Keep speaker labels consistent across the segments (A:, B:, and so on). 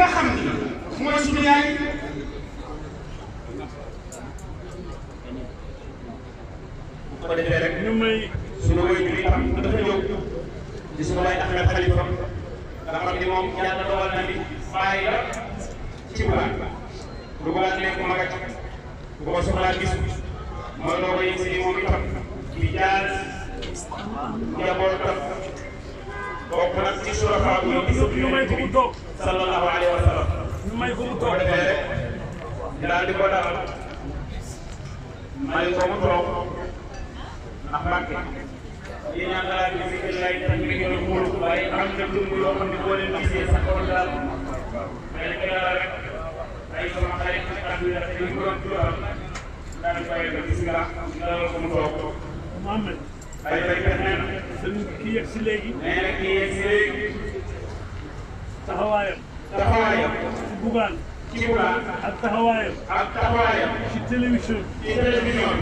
A: nga xam
B: ni mooy suñu yaay bu ko defee rek ñu may suñu way bi itam dafa jóg di suñu way Ahmed Khalifa nga xam ni moom yàlla dogal na ni bàyyi la ci bugaan du bugaan nekk magat bu ko soxlaa gis mooy loo koy si moom itam di jaar
A: njaboot bokk nag ci surafa bu ñu gis ñu may ko sallallahu alayhi wa sallam ñu may ko mu toog defee rek daal di ko dalal
B: may ko mu toog ndax Mbàkke yéen ñaan daal di si lay tànn di gën a wóolu waaye am na dund yoo xam ne boo leen gisee sa kaw daal mais nag dalal rek ay sama xarit ak ak yu rafet yi ko doon jural
A: daal di bàyyi ba gis nga dalal ko mu toog Mouhamed ay baykat nee na kii yegg si léegi nee na kii yegg si léegi taxawaayam. taxawaayam. ci bugaan. ci bugaan. ak taxawaayam. ak taxawaayam. ci télévision. ci télévision.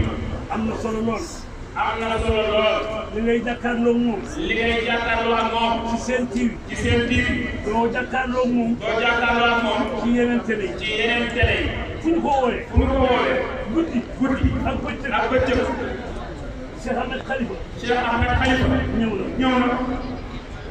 A: am na solo lool. am na solo lool. li ngay jàkkaarloo moom. li ngay jàkkaarloo ak moom. ci seen TV. ci seen TV. doo jàkkaarloo moom. doo jàkkaarloo ak moom. ci yeneen télé yi. ci yeneen télé yi. fu ñu ko wooyee. fu ñu ko wooyee. guddi. guddi ak bëccëg. ak bëccëg. Cheikh Ahmed Khalifa. Cheikh Ahmed Khalifa. ñëw na ñëw na.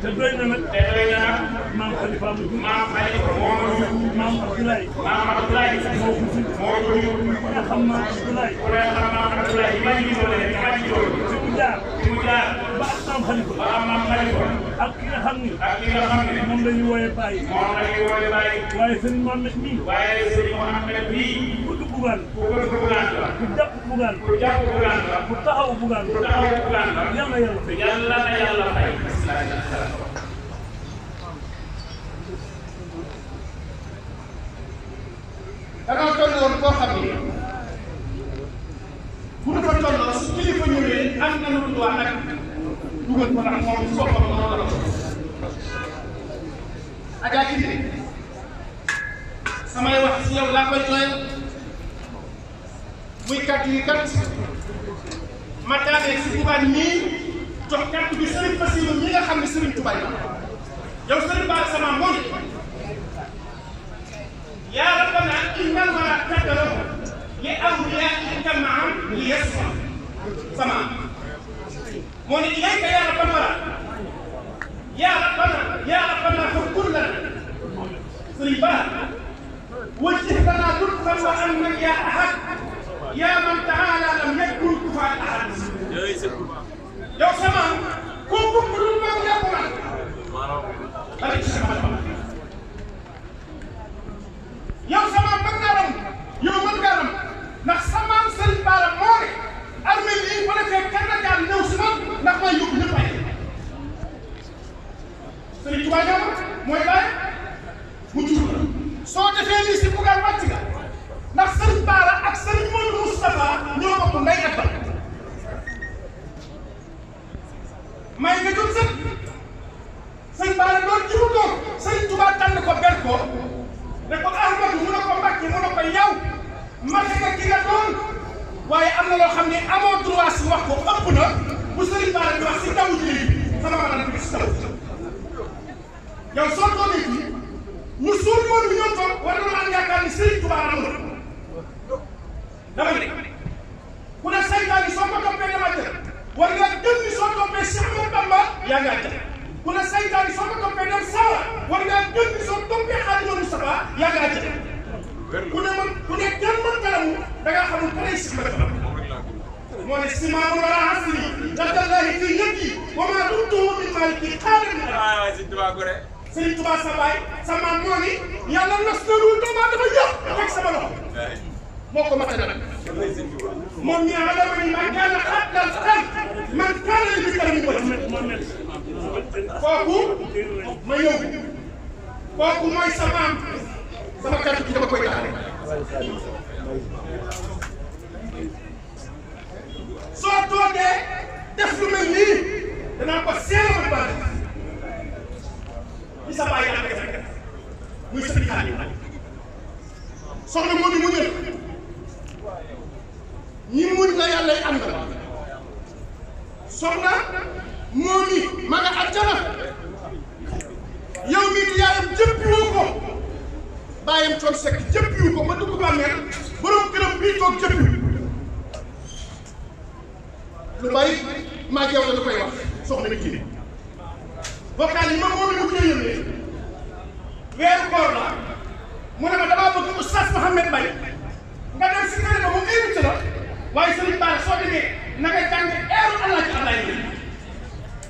A: te doy na nag. te doy na nag. maam Khalifa Amadou. maam Khalifa moom la ñu. maam Abdoulaye. maam Abdoulaye. moo ko jur. moo ko jur. ku ne xam naa Abdoulaye. ku ne xam naa Abdoulaye. li ma ñu doole li ma ñu doole. fi mu jaar. fi mu jaar. ba ak maam Khalifa. ba ak maam Khalifa. ak ki nga xam ne. ak ki nga xam ne. moom la ñu wooyee Baye. moom la ñu wooyee Baye. waaye Serigne Mohamed mii. waaye Serigne Mohamed mii. bugaan. ku bëgg bugaan la. ku jàpp bugaan. ku jàpp bugaan la. ku taxaw bugaan. ku taxaw bugaan la. yal na yàlla fay. yal na yàlla fay. danaa toll woon koo xam ni
B: bu ñu ko tolloo su kilifa ñëwee am na lu mu doon nag dugal ko ndax Fall nii jox kàddu gi Serigne Bassirou mi nga xam ne Serigne Touba yi yow Serigne Ba sama moom yaa rabbana innal wara taqalam li awliyaa jamaam li yasma sama
A: moo ne ilayka yaa rabbana wara
B: yaa rabbana yaa rabbana faghfir lana Serigne Ba wajjih lana lutfan wa annan yaa ahad yaa man taala lam yak yow sama kooku bu dul mag yàpp man dara ci sama sama yow sama mën ngaa ram yow mën ngaa ram ndax sama sëriñ Baara moo ne armée yi bu defee kenn la si man ndax may yóbbu ñëpp ay sëriñ Tuubaa ñoom mooy bàyyi may nga jëm sëñ sëñ Bara doon jiwu ko sëñ Tuubaa tànn ko ber ko ne ko Ahmadu mu ne ko Mbàkke mu ko yow mate nga ki waaye am na loo xam ne amoo droit si wax ko ëpp na bu sëriñ Bara di wax si si taw yow soo toogee fii ñu suul moom bi ñoo war na am yaakaar ni sëriñ Tuubaa am na dama ku ne saytaan yi soo ko toppee dama jël war nga gëm ni soo toppee ma yaa ngi àjjana bu la saytaane soo ko toppee dem sawar war ngaa gën di soo toppee xaalifa Moustapha yaa ngi àjjana ku ne man ku ne kenn mën kalamu da ngaa xamul ku lay sima moo ne simaamu fi yëpp yi maa duntuhu min maaliki xaalis ah, Sëriñ Tuubaa sama maam moo ni yàlla nas na lu damaa dafa yëpp teg sama loxo moo ko mën a def moom ñu ne alal mi man kaana xaddal xal man kaana li bi tamit kooku ma ñëw kooku mooy sa maam sama kàddu gi dama koy daane soo toogee def lu mel nii danaa ko seelal ba baax li sa bàyyi am muy sëriñ Aliou soxna moo ni mu ñëw ñi muñ la yàllay àndal soxna moo ni ma nga àjjana yow mii di yaayam jëppiwu ko bàyyam coon sekk jëppiwu ko ma dugg bàmmeel borom këram bii toog jëppiwu lu bàyyi maa jeew la lu koy wax soxna mi kii vocal yi ma moom la mu koy yónnee weeru koor la mu ne ma damaa bëgg Oustaz Mouhamed Mbaye nga dem si kër ga mu invité la waaye Serigne Bara soo demee na nga jàng eeru Allah ci Ablaye Ndiaye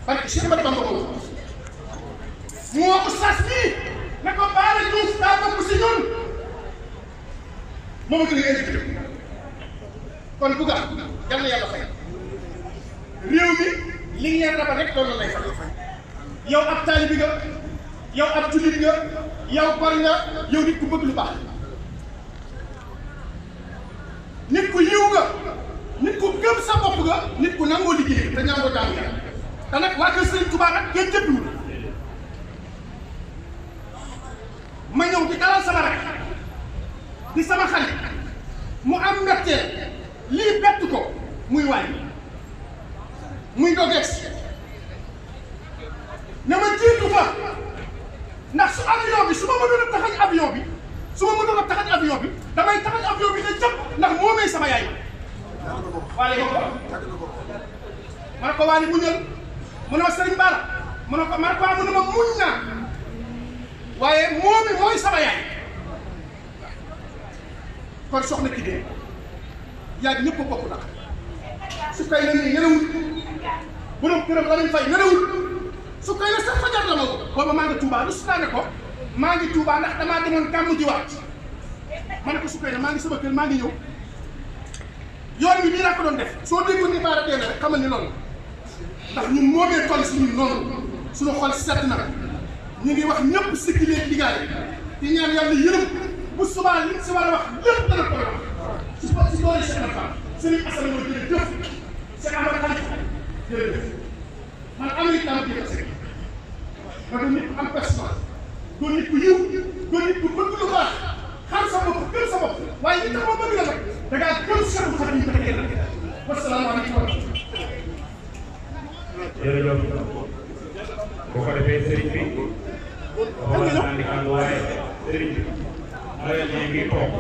B: parce que Cheikh Ahmadou Bamba ko moo ko sas nii na ko Bara Diouf daa bokk si ñun moom itamit indi fi kon bu gaaw yal na fay réew mi li ngeen rabal rek loolu lay fay yow ab taalibi nga yow ab jullit nga yow gor nga yow nit ku bëgg lu baax nit ku ku gëm sa bopp nga nit ku nangoo liggéey te ñaanoo jaamu yàlla te nag waa kër Serigne Touba nag ma ñëw di dalal sama rak di sama xale mu am mbetteel lii bett ko muy wàññi muy dogees na ma jiitu fa ndax su avion bi su ma mënoon a taxañ avion bi su ma mënoon a taxañ avion bi damay taxañ avion bi ne jàpp ndax moomee sama yaay. waale ko ko ma ne ko waale muñal mu ne ma sëriñ Bara mu ne ko ma ne ko ah mu muñ naa waaye moomi mooy sama kon soxna ki dee yaag ñëpp a bokk nag su kay la nii nelawul borom këram la lañ fay nelawul su kay la sax fajar la ma ko booba maa ngi Touba lu su naa ne ko maa ngi Touba ndax damaa demoon gàmmu jiwaat ma ne ko su la maa ngi sama kër maa ngi ñëw yoon wi nii laa ko doon def soo déggoon ni baara dee na rek xamal ni loolu ndax ñun moomee toll suñu noonu suñu xol set na ñu ngi wax ñëpp sikkilee digaale di ñaan yàlla yërëm bu subaa liñ si war a wax lépp dana ko wax si doole seen affaire Serigne Assane mooy jërëjëf seen amal xarit jërëjëf am nit dama jëf seen ma doon nit am personnel doon nit ku yiw doon nit ku xam sa bopp gëm sa bopp waaye li tax ma bëgg la nag da ngaa gëm seen xar yi bëgg kenn wasalaamaaleykum.
A: jërëjëf boo ko defee sëriñ bi waxoon naa ni ànd waaye sëriñ bi nawet bi ngi toog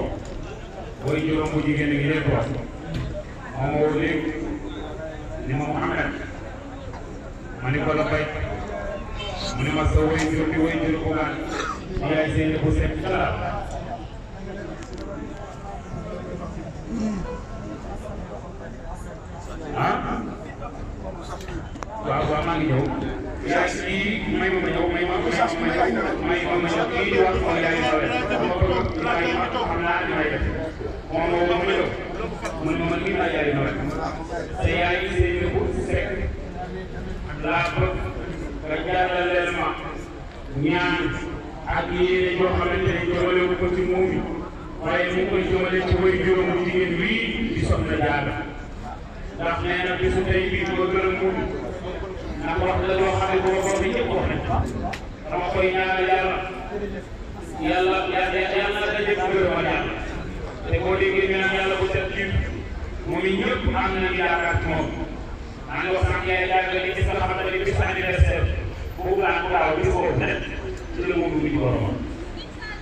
A: booy juróom bu jigéen ngi leen toog moom
B: moo léegi ni ma Mouhamed ma ni ko la bay mu ne ma sa way jur bi way jur ko man yaay seen bu set xalaat ngi ñëw yaa ngi may ma ma ñëw may ma ma
A: may ma ma ñëw kii di wax xool yaa ngi ñëw rek ma bëgg ma may ma xam naa li may def moom moom ma ma ñëw man ma man mii naa yaa ngi ñëw rek te yaa ngi see ñu ko fekk laa bëgg nga jaaraleel ma ñaan ak yéene yoo xamante ne jëmale ko ci moom yi waaye mu ngi koy jëmale ci way juróom jigéen wii di soxna jaara ndax nee na bisu tey bii ba gën a muñ ndax wax la loo xam ne boo ko waxee ñëpp wax nañ ko dama koy ñaanal yàlla
B: yàlla yàlla na dajeeg gërëmal yàlla te boo déggee ñu naan yàlla bu set jiw moom it ñëpp am nañu yaakaar ci moom. maa ngi wax sànq yaay jàngale ci sa xamante ne bis anniversaire boobu laa ko daaw bi ko ne ci la
A: mu dugg ci boromam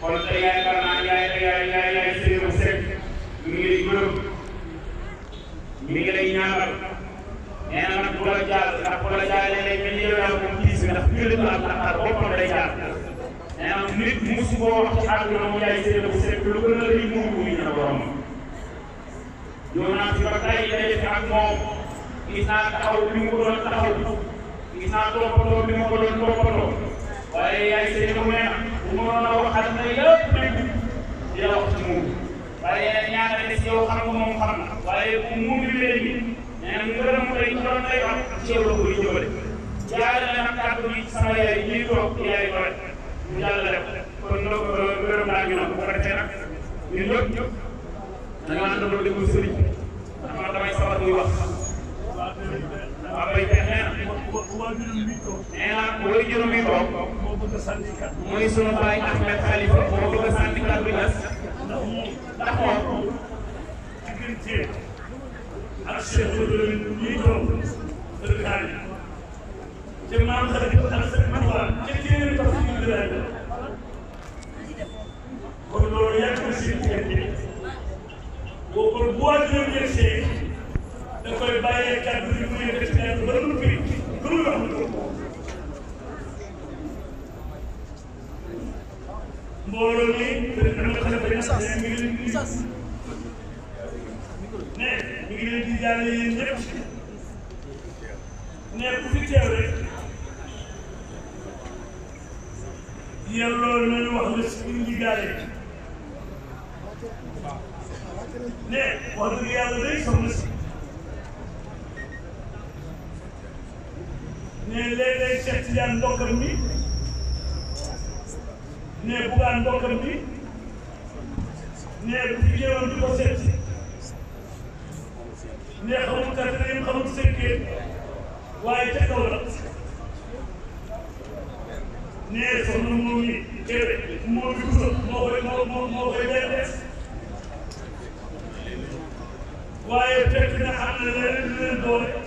A: kon te yaakaar naa yaay yaay yaay yaay séeréer sekk ñu ngi lay gërëm ñu ngi lay ñaanal. nee na nag bu la jaal ndax bu la jaalee lay mel ni yow yaa moom tiis bi ndax jullit la ak naqar boppam day jaar nee na nit musu koo wax ci àdduna mu jaay séeréer bu set lu gën a rëy muur bu ñu ne borom yow naa fi ba tey daje fi ak moom gis naa taxaw bi mu ko doon taxaw gis naa toppatoo bi mu ko doon toppatoo waaye yaay séeréer bu neex bu ma mën a waxal na yëpp dégg di la wax ci muur waaye ñaata des yow xam nga moom xam na waaye bu muur bi ngërëm lay doon lay wax ci yow la koy jëmale jaaree na nag kàddu gi sama yaay ñuy toog yaay doole ñu jàllale ko kon donc ngërëm laa ñu noonu bu ko defee nag ñun ñëpp ñëpp dañoo àndandoo déglu sëriñ bi ndax man damay sawar muy wax waaw bay pexe nee na
B: way juróom yi toog muy sunu baay Ahmed Khalifa moo bëgg a sànni kàddu gi ndax moom ak Cheikh Modou Lamine bu ñuy toog dëgg taal
A: yi te maam sax di ko ak seen matuwaay te keneen tax si ñu laaj kon loolu yàgg na seen diggante boo ko bu waajoon yegsee da koy bàyyee kàddu yi mu yëkkati kàddu ba lu mu bëri lu mu wax lu
B: mbooloo mi dana am xam ne benn mi ngi leen
A: biir yàlla yéen ñëpp ne ku fi teew rek yelloo nañu wax la suñu ndigaale ne wax dëgg yàlla day soxla si ne léeg-léeg Cheikh Tidiane ndokkam mi ne bugaan ndokkam mi ne bu fi ñëwoon di ko seeti ne xamul quatrième xamul cinquième waaye ca kaw la nee soxna moom mi Kébé moo fi gusa moo koy moo moo koy des waaye fekk na am na leneen leneen doole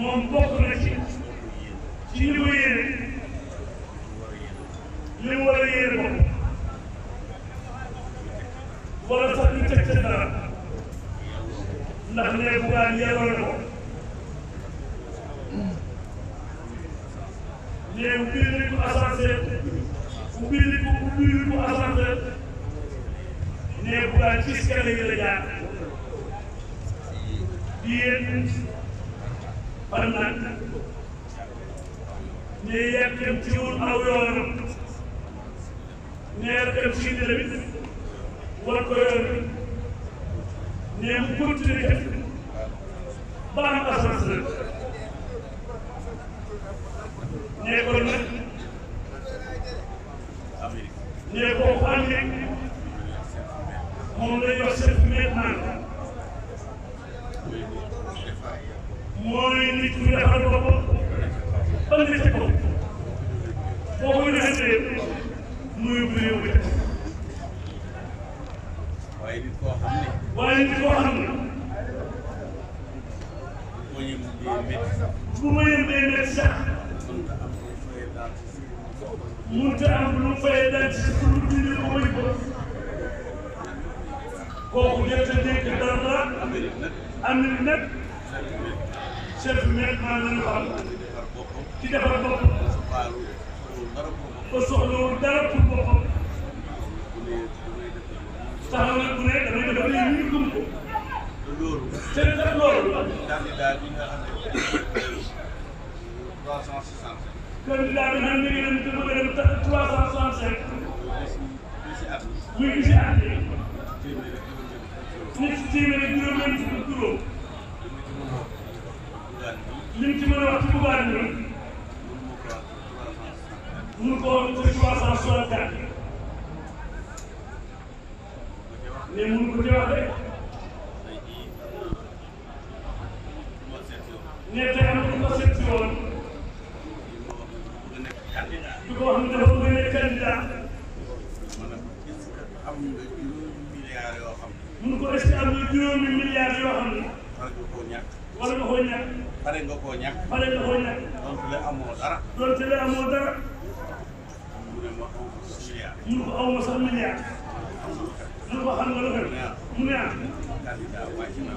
A: moom bokk na ci ci li mu yóbbu réew mi teg waaye nit koo xam ne waaye nit koo xam ne bu mëneem dee métti bu mëneem dee métti sax mënut a am lu fayee daal ci pour lu dundee ko may ko kooku ñett nekk dara am na nag chef maanaam xam ci defar boppam ba soxlawul dara pour boppam taxaw nag bu ne damay def damay ñu gëm ko. loolu. te ndax loolu. candidat bi nga xam ne trois cent soixante cinq. candidat bi nga xam ne ñu ngi dem bëgg a dem trois cent soixante cinq. muy gis at yi. ñetti téeméer ak juróom-benn fukk juróom. li mu ci mën a wax ci Bougane bi mu ngi ko woon ca trois cent soixante quatre mais mu ngi ko jox rek ne tey am na ko seet si woon di ko wax ne dafa bëgg nekk candidat mu ngi ko est-ce que am na juróomi milliards yoo xam ne wala nga koo ñàkk pare nga koo ñàkk pare nga koo ñàkk donte la amoo dara donte la amoo dara mun ko aw ma sax milliard mun ko xam nga lu xew mu ne ah mun candidat wàcc na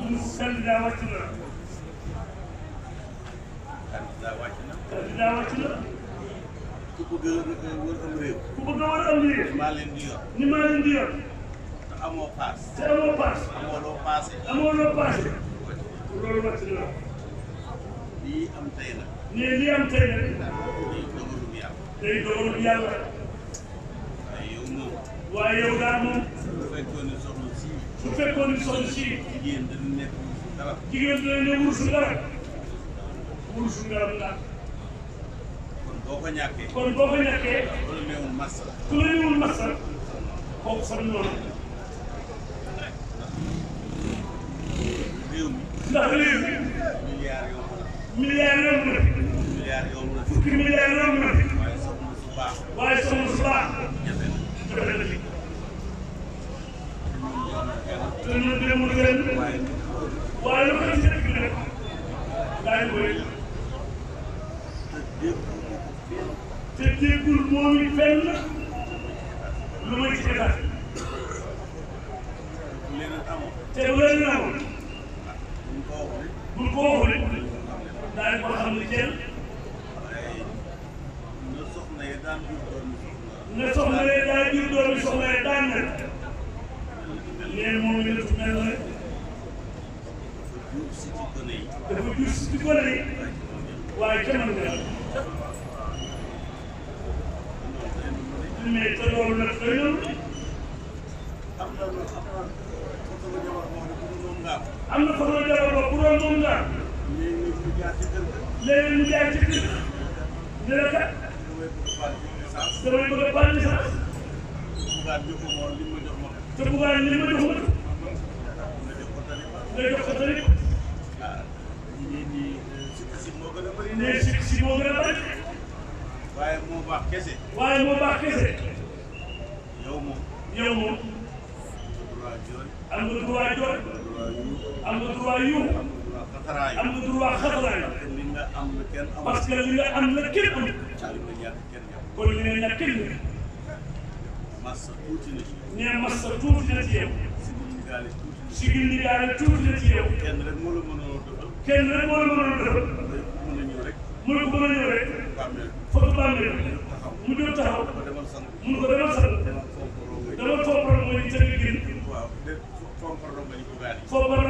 A: candidat wàcc na ku bëgg a wër am réew ku bëgg a wër am réew maa leen di yor ni maa leen di yor te amoo paas te amoo paas
B: amoo loo paase
A: amoo loo paase loolu wàcc na lii am tey nag nee lii am tey nag day dogalul yàlla day dogalul yàlla waaye yow daal moom. su fekkoon ne soxna si. su fekkoon ne soxna si. jigéen dana nekk wurusu dara. jigéen dana ne wurusu dara. wurusu ngaram la. kon boo ko ñàkkee. kon boo ko ñàkkee. ku la newul massa. ku la newul massa. kooku fan noonu. réew mi. ndax réew mi. milliard yomb na. milliard yomb na. milliard yomb na. fukki milliard yomb na. waaye soxna su baax. waaye soxna su baax. loolu mooy dina mën a gërëm waaye lu ko def si dëkk bi nag laay bëri te déggul moom it benn lu may ci état te wér na ko
B: buñ ko waxulee
A: daañu ko xam ne jël na soxna yee daa jur doomi soxna yee ne moom la gën a tuddee loole. dafa jur si gone yi waaye jamono bi daal. mais te loolu nag doy na lu. am na foto jabar ba bu doon moom nga. léegi ñu jaar ci kër ñu ne kat damay bëgg a bànn sax. te bu baaxee li ma jox ma def.
B: nga jox ko tamit.
A: mais si si moo gën a bëri. waaye moo baax kese. waaye moo baax kese. yow moom. yow moom. am nga droit jooy. am nga droit yu. am nga droit xataraayu. parce que li nga am la kenn amul. kon li nga ñàkk kenn massa tuuti nee massa tuuti na ci yow ni daal tuuti na ci kenn rek moo la mënoon defal ko mën a mu jël taxaw mu ko demal san dama fompal mooy tëgg gin fompal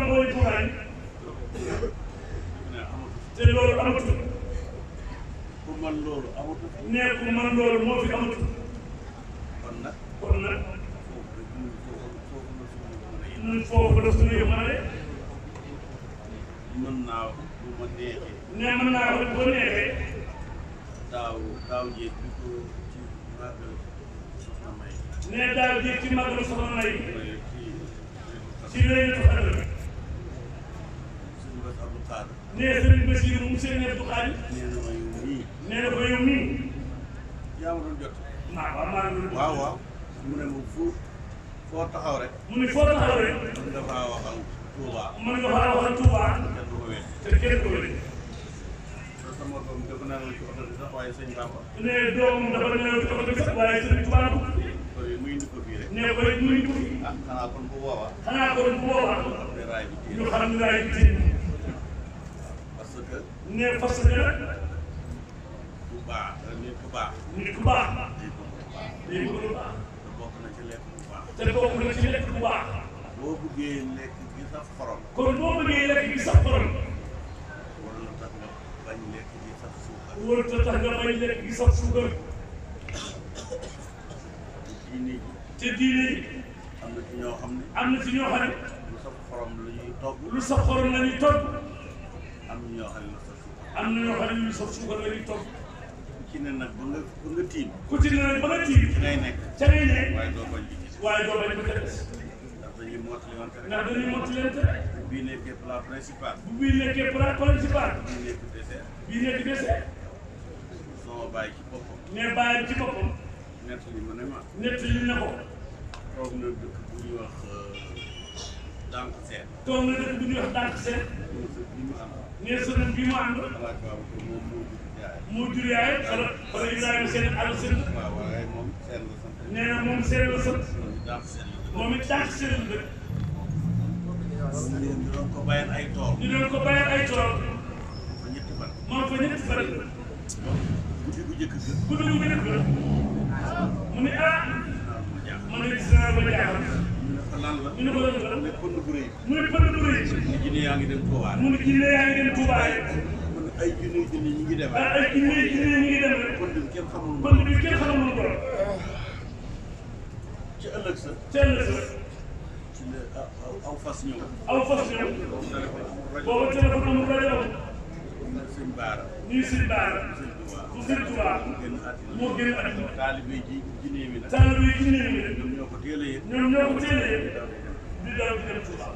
A: te loolu amatul ku nee ku man loolu moo fi amatul kon nag ñun foofu la suñu yëngalee. mën naa ko ma neexee. nee mën naa ko ma neexee. daaw daaw jéeg bi ko ci màggal soxna May. ci màggal soxna May. ci lañu ko àndal. nee mu Serigne Abdou Khadre. nee na ma yow mii. nee na ko yow mii. yaa ma doon mu ne ma fu foo taxaw rek. mu ne foo taxaw rek. mën nga faa waxal Touba. mën nga faa waxal Touba. te kenn du ko wér. te kenn du ko wér. te sama doom dafa naan ci oto bi sax waaye sëñ Bamba. ne doom dafa naan ci oto bi sax waaye sëñ Touba. ne muy indi ko fii rek. ne ko rek muy indi ko fii. ah xanaa kon bu boobaa. xanaa kon bu boobaa. ñu xam ne raay bi téye parce que. ne parce que. bu baax nit ku baax. nit ku baax. nit ku baax. te bokk na ci lekk bu baax. boo bëggee lekk gi sax xorom. kon boo bëggee lekk gi sax xorom. warul a bañ lekk gi sax suukar. warul a bañ lekk gi sax suukar. diine na ci ñoo xam ne. am na lu sax xorom la ñuy togg. lu sax xorom la ñuy togg. ñoo xam lu na ci ne nag ba nga ba nga ku ci ne nag ba
B: nga
A: waaye doo bañ ba des. ndax dañuy mottaliwante ndax dañuy mottaliwante bu bii nekkee plat principal. bu bii nekkee plat principal. bii nekk dessert. bii nekk dessert. sama bàyyi ci boppam. mais bàyyi ci boppam. nett li ma ne ma. nett li ne ko. toog na dëkk bu ñuy wax euh, dànk seet. toog na dëkk bu ñuy wax dànk seet. nee sa bii mu ànd. nee sa bii mu ànd. moo jur yaayam xala xala Ibrahima seen àll seen nee na moom seen la sant moom it dàq seen la dëkk. ñu doon ko bàyyal ay tool. ñu doon ko bàyyal ay tool. moom fa ñetti fan. guddi gu njëkk ga. guddi gu njëkk ga mu ne ah. man de gis naa ba jaaxal. ñu ne ko lan la. mu ne pënd bu rëy. mu ne pënd bu rëy. mu ne jinne yaa ngi dem Touba. mu ne jinne yaa ngi dem Touba. ay junni junni ñu ngi dem. ay junni junni ñu ngi dem. kon duñ kenn xamul. kon duñ kenn xamul ko. ci ëllëg sa. ci ëllëg sa. ci la aw fas ñëw. aw fas ñëw. boobu téléphone amul rajo amul. ñu sëñ Baara. ñu sëñ Baara. mu sëñ Tuubaa. moo gën a àdduna. taalibe ji jinne mi la. taalibe ji jinne mi la. ñoom ñoo ko teel a yëg. ñoom ñoo ko teel a yëg. di daw di dem Tuubaa.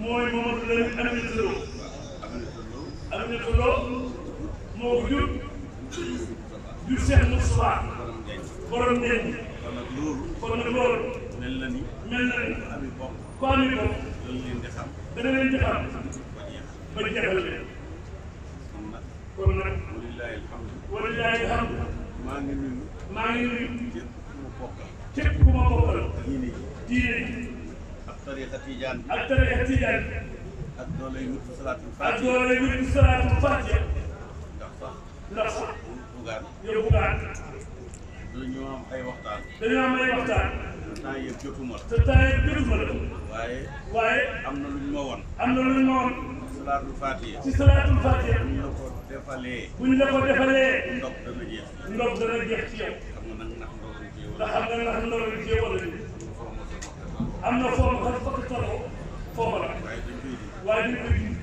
A: mooy Mamadou Lamine Aminata Lo Aminata Lo moo jur jur Cheikh Moustapha borom ndéen kon nag loolu mel na ni mel na ni ku am yi bokk dana leen di xam ba jeexal leen kon nag walilaahi alhamdu maa ngi nuyu maa ngi nuyu képp ku ma bokkal
B: diine ji tariqa tijaan
A: ak tariqa tijaan ak doo lay wut salaatul faatiha ak
B: doo lay wut salaatul faatiha ndax sax ndax sax bugaan yow
A: bugaan dañoo am ay waxtaan dañoo am ay waxtaan te temps yëpp jotuma la te temps yëpp jotuma la waaye waaye am na lu ñu ma woon am na lu ñu ma woon salaatul faatiha ci salaatul faatiha bu ñu la ko defalee bu ñu la ko defalee ndox dana jeex ndox dana jeex ci yow xam nga nag ndax ndox lu ci yow ndax xam nga ndax ndox lu ci yow am na forme xam fokk toroo forme la waaye dañ koy dindi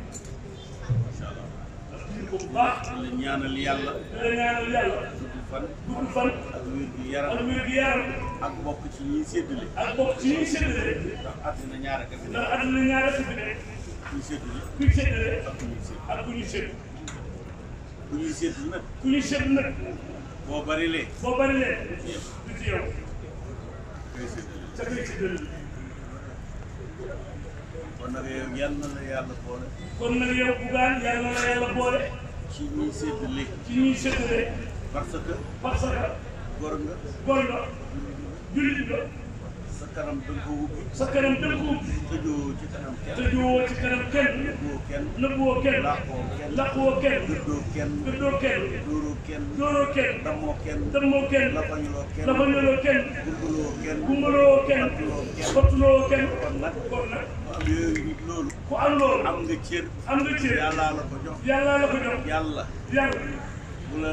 A: dindi ko bu baax di la ñaanal yàlla di la ñaanal yàlla gudd fan gudd fan ak wér gi yaram ak wér gi yaram ak bokk ci ñuy séddale ak bokk ci ñuy séddale
B: ndax àddina ñaar ak ndax àddina ñaar ak fi
A: ne kuy séddale kuy séddale ak ku ñuy sédd ak ku ñuy sédd ku ñuy sédd nag ku ñuy sédd nag boo bari lee boo bari lee du ci yow du ci yow sa koy séddale kon nag yow yal na la yàlla boole. kon nag yow Bougane yal na la yàlla boole. ci ñuy séddale. ci ñuy séddale. parce que. parce que. nga. góor nga. jullit nga. sa kanam dënku sa kanam dënku ubbi. tëjoo ci kanam kenn. tëjoo ci kanam kenn. nëbboo kenn. nëbboo kenn. làqoo kenn. làqoo kenn. gëddoo kenn. gëddoo kenn. dóoroo ku am loolu. am nga am nga cër. yàllaa la ko jox. yàllaa la ko jox. yàlla. yàlla. la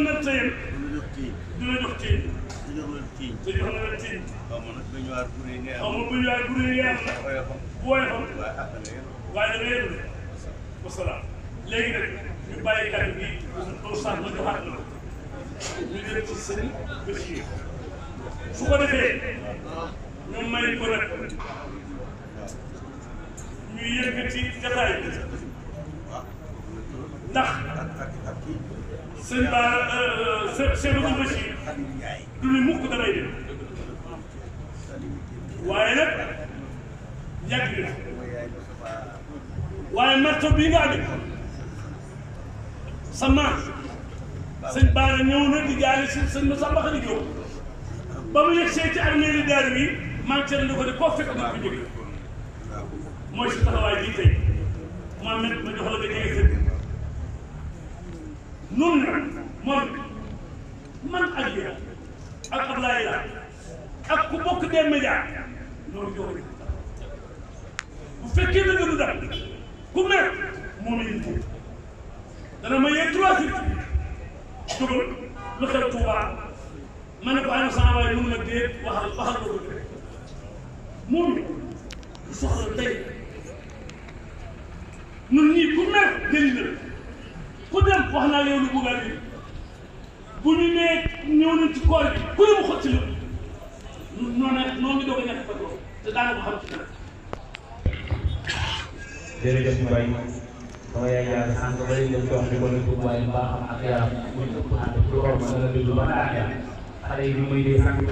A: nar jox tiiñ te jox na la tiiñ xaw ma nag bañuwaar bu rëy xaw ma bañuwaar bu rëy nga am na woyofam woyofam waaye dana yenu de wasalaam léegi nag ñu bàyyi kàddu gi pour sax ma joxaat la ñu dem ci sëñ Bachir su ko defee ñoom may ko nag ñu yëkkati jataay bi ndax sëñ Ba Cheikh Abdou Bachir du ne mukk damay dem waaye nag yàgg na waaye marto bii nga amee sa maam sëñ Ba di jaale si sëñ Moussa Mbaxali Diop ba mu yegsee ci arméeli daal wi man cër na ko ne koo fekk na ko jóge mooy si taxawaay bii tey Mohamed ma jox la nga jege noonu la moom man ak yow la ak ku bokk des médias noonu yow bu fekkee ne nga du ku mer moom it moom dana ma yee trois jours dugal lu xew Tuuba ma ne ko ana sama waay mun na déet waxal waxal ko dëgg moom du soxla tey ñun ñii ku mer jëli ku dem wax naa yow lu mu bu ñu nee ñëw nañ ci ku ne mu xotti la noonu la noonu la doog a ñàkk a te daanaka xam ci dara.
B: jërëjëf Mbaye sama yaay yaa sànq ba léegi dañ ko wax ne ko nag waaye mbaaxam ak yaram muy ëpp ànd lu or ma dana dund ba naa yaram xale yi ñu muy la dafa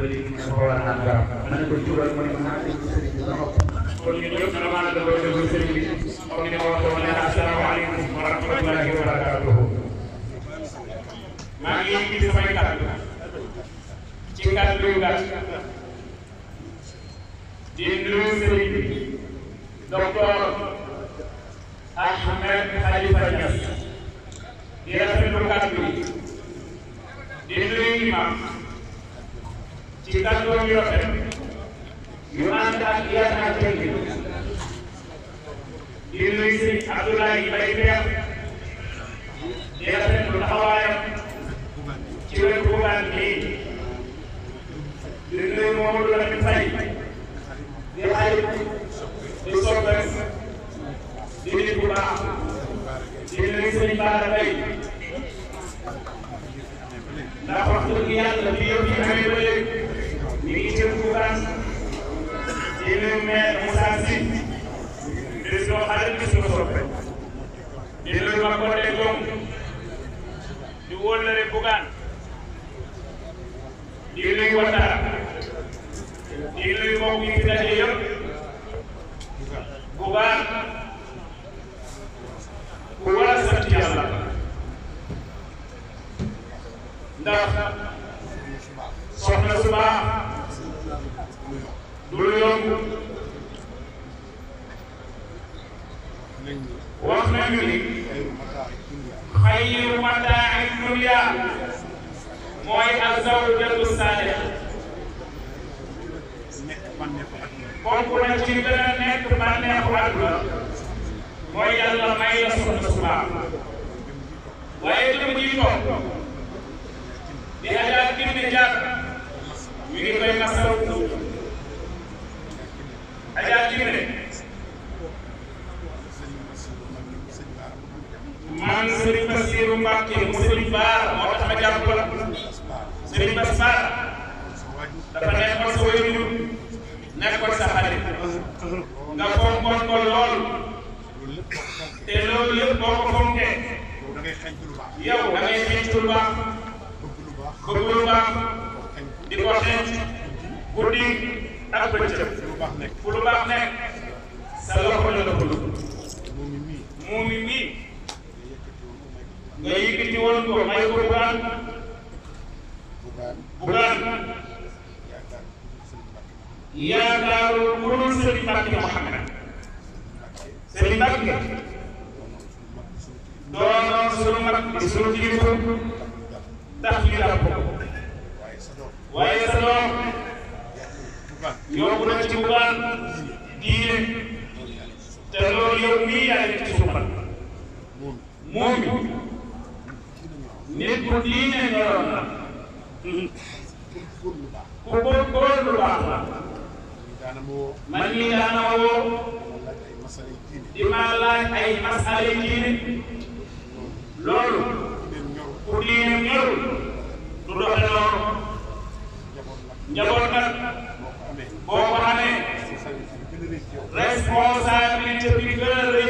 B: comme ni ma waxoon nee naa asalaamaaleykum wa rahmatulahi wa barakaatuhu. maa ngi indi samay kàddu ci kàddu yu gàtt
A: di nuyu sëriñ bi docteur Ahmed Khalifa Niass di rafetlu kàddu yi di nuyu imam ci kàddu yu rafet yu ànd
B: ak yar ak teggin
A: di nuyu sëñ Abdoulaye
B: Mbaye Pekh di rafetlu
A: taxawaayam ci wetu Bougane bii
B: di nuyu Mamadou Lamine Faye di xarit di soppeeku di nit bu baax di nuyu sëñ Bara Mbaye ndax wax dëgg yàlla bi yëpp yi
A: amee ba léegi mi ngi jëm Bougane di nuyu maire Moussa Sy gis nga xarit gis nga soppe di nuyu ma Codé Ngom di wóllare Bougane di nuyu Watara di nuyu mbokk yi fi daje yëpp Bougane ku war a
B: sant yàlla ndax soxna su baax du yomb wax nañu ni xayru mataa'i dunya mooy azawjatu saalih
A: bokk na ci gën a nekk bànneexu àdduna mooy yàlla may la soxna
B: su baax waaye jëm ji toog
A: di ajaat ki ne jàpp
B: ñu ngi koy masawu ajaat ki ne man Serigne Bassirou Mbacké mu Serigne Baara moo ma jàpp la
A: Serigne Bass Baara dafa nekkoon sa wéyum nekkoon sa xarit nga fonkoon ko lool
B: te loolu yëpp boo ko fonkee yow da ngay xeeñ lu baax bëgg di ko xeeñ guddi
A: nekk sa loxo la la ko moom mi nga yëkkati woon ko may ko bugaan bugaan yaakaarul ku
B: dul Serigne Mbacke Mouhamed Serigne Mbacke doonoon sunu mag di sunu kilifa tax ñu dàpp ko waaye sa doom
A: yóbbu na ci bugaan diine te loolu yow mii yaa nekk ci suñu mag moom nit ku diine ñoroon
B: ku góorgóorlu baax la. man mii daana ma woo. di ma laaj ay masale diine.
A: loolu. ku diine ñorul. du doxe loolu. njaboot nag. boo ko a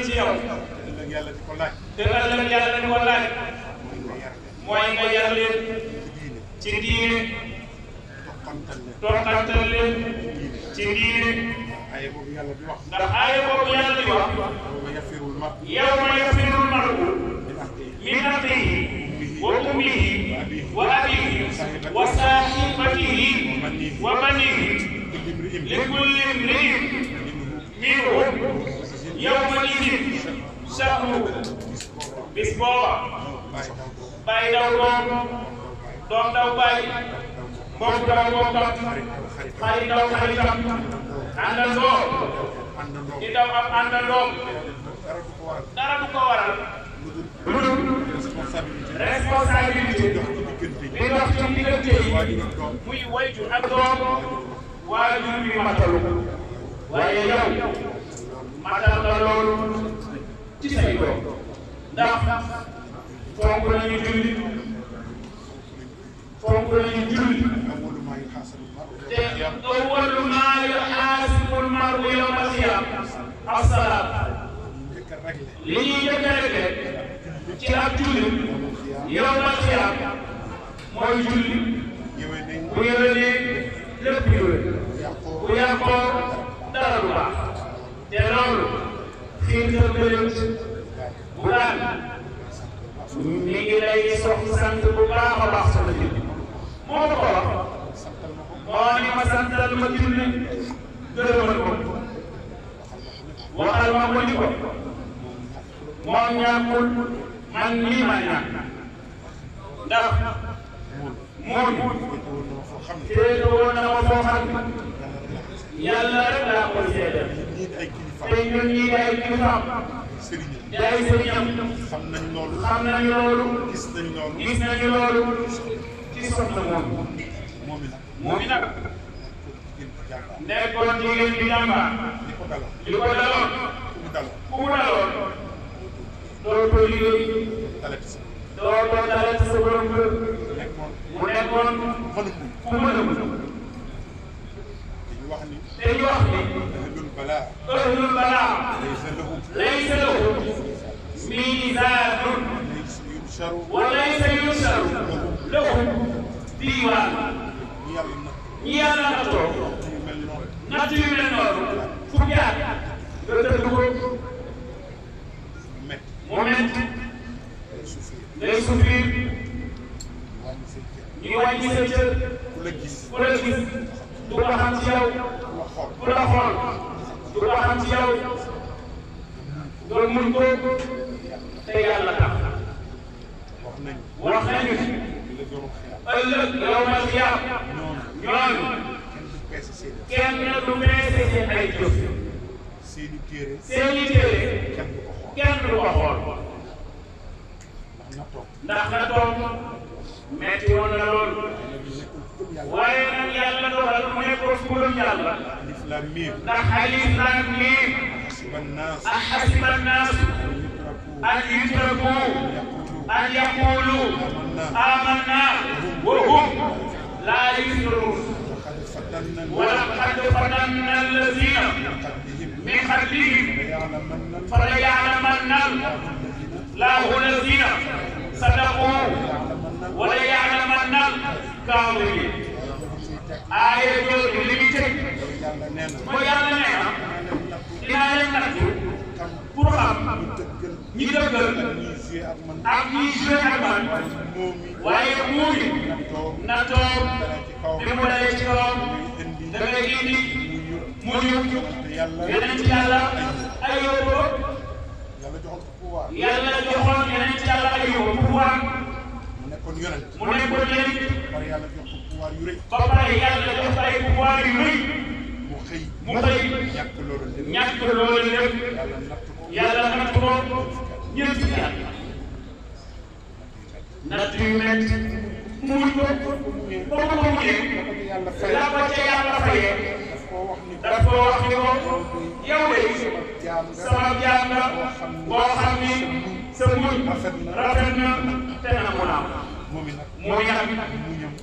B: ci yow. te ëllëg yàlla di ko laaj. yar leen ci diine toqantal leen ci diine ay boobu yàlla di wax ndax ay boobu yàlla di wax yow ma yafirul mar'u
A: min axiihi wa ummihi wa abiihi
B: wa saaxibatihi wa baniihi li kulli imri'in minhum yawma idin sha'nuhu bis booba bàyyi daw doom doom daw bàyyi mbokk daw mbokkam daw xaritam àndandoo daw am dara du ko waral lu dul responsabilité bi dox ci diggante yi muy wayjur ak doom waajur waaye yow matal nga loolu ci say doom ndax fonk nañu julli fonk nañu julli te awwalu maa yuhaasibul mar'u yawmal qiyaama as-salaat li ñuy njëkk a réglé ci ab julli yawmal qiyaama mooy julli
A: bu yéwénee lépp yéwén
B: bu yàqoo dara du baax te loolu xiir bu daan ñu ngi lay sox sant bu baax a baax soxna Diop moo ma ko wax moo ni ma santal ma julli gërëmal
A: ko waxal
B: ma ko ni ko moom ñàkkul man nii ma ñàkk ndax moom téetu woon na ma foo xam yàlla rek laa ko seedal te ñun ñii ay kilifaam te ay sëriñam xam nañ loolu xam nañ loolu gis nañ loolu gis nañu loolu ci soxna moom moom it nag moom it nag nekkoon jigéen bi jàmbaar li ko daloon ku mu daloon dootoo liggéey dootoo dalee ci sa borom kër mu nekkoon
A: ku mënagul te ñu wax ni ahlul balaa ahlul balaa laysa lahu ميزان وليس ينشر له ديوان يالا نتو نتو من نور
B: فكيات تدوك مومنت day souffrir ñu wàññi sa cër ku la gis du ko xam ci yow ku la xool du ko xam ci yow nga mun ko te yàlla tax wax nañu fi ëllëg yow ma xiyaam ñooñu kenn du meese seen ay jëf seeni téere seeni téere kenn du ko xool ndax na toog
A: metti woon na lool
B: waaye nag yàlla dogal mu nekkoon ku gëm yàlla ndax alif lam miim ndax alif lam miim ahasiba nnaas أن
A: يتركوا أن يقولوا آمنا وهم
B: لا يسرون ولقد فتنا الذين من قبلهم فليعلمن
A: الله الذين
B: صدقوا وليعلمن الكاظمين آية جوز لميتك ما يعلمنا
A: إنا لم نكتب
B: قرآن
A: ñi def loolu
B: ak ñi joué ak man waaye muuy nattoom bi mu dalee ci kawam da ngay indi mu ñu yeneen ci yàlla ay yóbbu yàlla joxoon yeneen ci yàlla ay yóbbu pouvoir mu nekkoon yonent mu nekkoon yonent
A: ba pare yàlla jox ko pouvoir yu rëy
B: xëy. mu xëy ñàkk loolu lépp ñàkk loolu lépp yàlla natt ko ñeent fukki at. natt yu métti mu ngi ko ba mu mujjee la ko ca yàlla fayee daf koo wax ni ko yow de sama jaam la boo xam ni sa muñ rafet na te na mu naaw. moom
A: itam mu ñam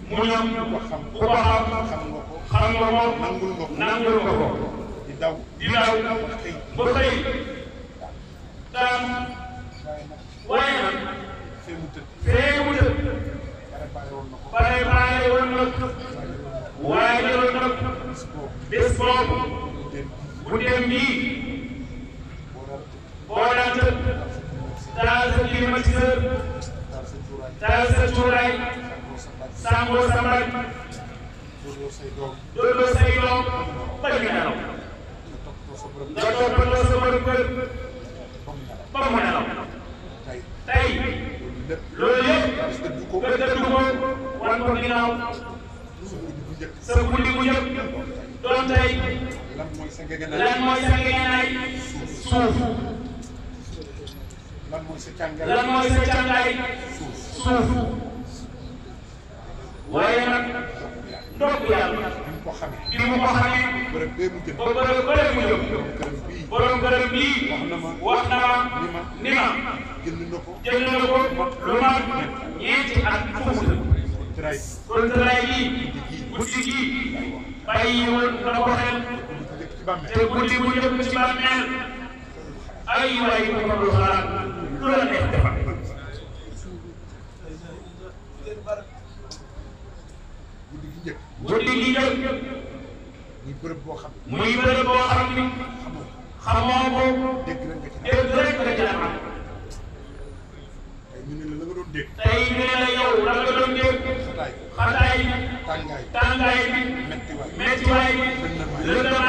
B: mu ñam ku ko xam. xam nga moom nangul nga ko nangul nga ko di daw di daw ba xëy daan waaye nag mu dem bii
A: boo daan tëdd taal sa climatiseur taal
B: sa doyloo say doom. doyloo say doom bañ a nelaw. nga toppatoo sa borom kër. ba mu nelaw. tey loolu yëpp nga dëddu ko wan ko ginnaaw. sa guddi bu njëkk doon tey lan mooy sa ngeganaay suuf lan mooy sa càngaay suuf waaye nag
A: topp yàlla bi mu
B: ko xamee bi mu ko xamee bërëb bee mu jëm ba bërëb bërëb
A: mu jëm borom këram bii wax na ma ni ma jënd
B: na ko jënd na ko lu ma ñeenti ak fukk la kon tëraay yi guddi gi bàyyi woon na ko xel te
A: guddi bu jëm ci bàmmeel ay waay bu ma du xalaat lu la neex defal guddi gi jot muy bërëb boo xam
B: muy bërëb boo xam ni xamoo ko dégg rek nga ci am tey ñu ne la la nga doon dégg tey ñu ne la yow la nga doon dégg xataay bi tàngaay bi
A: méttiwaay bi lëndamaay